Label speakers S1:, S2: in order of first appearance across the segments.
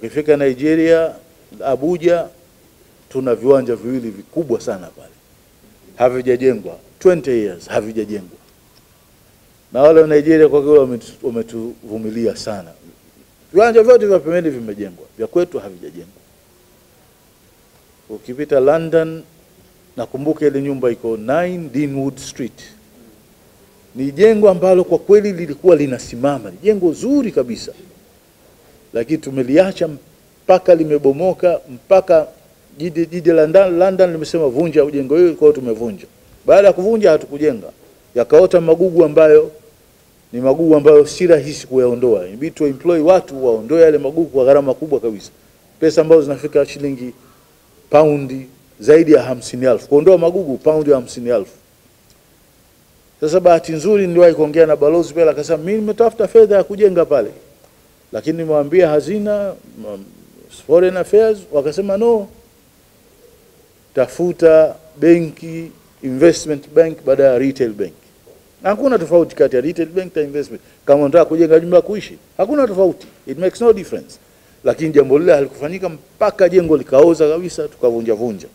S1: Ukifika Nigeria, Abuja, tuna viwanja viwili vikubwa sana pale, havijajengwa 20 years, havijajengwa na wale wa Nigeria kwa kweli wametuvumilia sana. Viwanja vyote vya pembeni vimejengwa, vya kwetu havijajengwa. Ukipita London, nakumbuka ile nyumba iko 9 Deanwood Street, ni jengo ambalo kwa kweli lilikuwa linasimama, ni jengo zuri kabisa lakini tumeliacha mpaka limebomoka, mpaka jiji jiji la London, London limesema vunja ujengo hili. Kwa hiyo tumevunja. Baada ya kuvunja, hatukujenga, yakaota magugu ambayo ni magugu ambayo si rahisi kuyaondoa. Inabidi tu employ watu waondoe yale magugu kwa gharama kubwa kabisa, pesa ambazo zinafika shilingi paundi zaidi ya hamsini elfu kuondoa magugu, paundi ya hamsini elfu. Sasa bahati nzuri niliwahi kuongea na balozi pale, akasema mimi nimetafuta fedha ya kujenga pale lakini nimewambia hazina mm, foreign affairs wakasema no tafuta benki investment bank baada ya retail bank hakuna tofauti kati ya retail bank na investment kama unataka kujenga nyumba ya kuishi hakuna tofauti it makes no difference lakini jambo lile halikufanyika mpaka jengo likaoza kabisa tukavunja vunja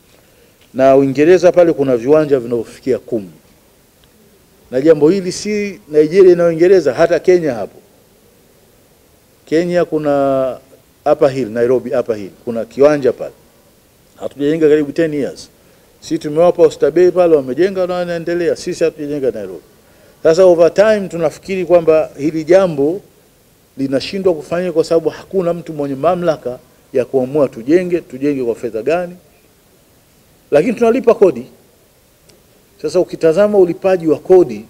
S1: na Uingereza pale kuna viwanja vinavyofikia kumi na jambo hili si Nigeria na Uingereza hata Kenya hapo Kenya kuna Upper Hill, Nairobi Upper Hill, kuna kiwanja pale hatujajenga karibu 10 years. Sisi tumewapa Oysterbay pale wamejenga na wanaendelea, sisi hatujajenga Nairobi. Sasa over time tunafikiri kwamba hili jambo linashindwa kufanyika kwa sababu hakuna mtu mwenye mamlaka ya kuamua tujenge tujenge kwa fedha gani, lakini tunalipa kodi. Sasa ukitazama ulipaji wa kodi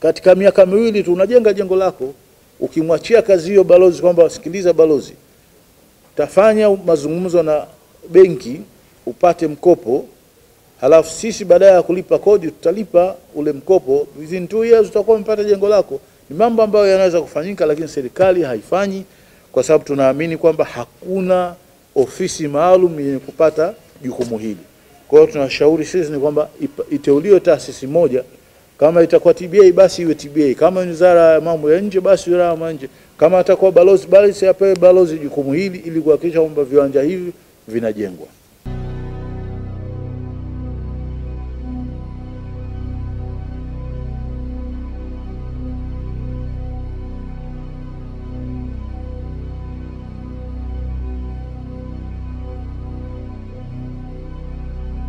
S1: katika miaka miwili tu unajenga jengo lako Ukimwachia kazi hiyo balozi kwamba sikiliza balozi, tafanya mazungumzo na benki upate mkopo, halafu sisi baadaye ya kulipa kodi tutalipa ule mkopo, within two years utakuwa umepata jengo lako. Ni mambo ambayo yanaweza kufanyika, lakini serikali haifanyi kwa sababu tunaamini kwamba hakuna ofisi maalum yenye kupata jukumu hili. Kwa hiyo tunashauri sisi ni kwamba iteuliwe taasisi moja kama itakuwa TBA basi iwe TBA, kama wizara ya mambo ya nje basi wizara ya mambo ya nje, kama atakuwa balozi basi apewe balozi jukumu hili, ili kuhakikisha kwamba viwanja hivi vinajengwa.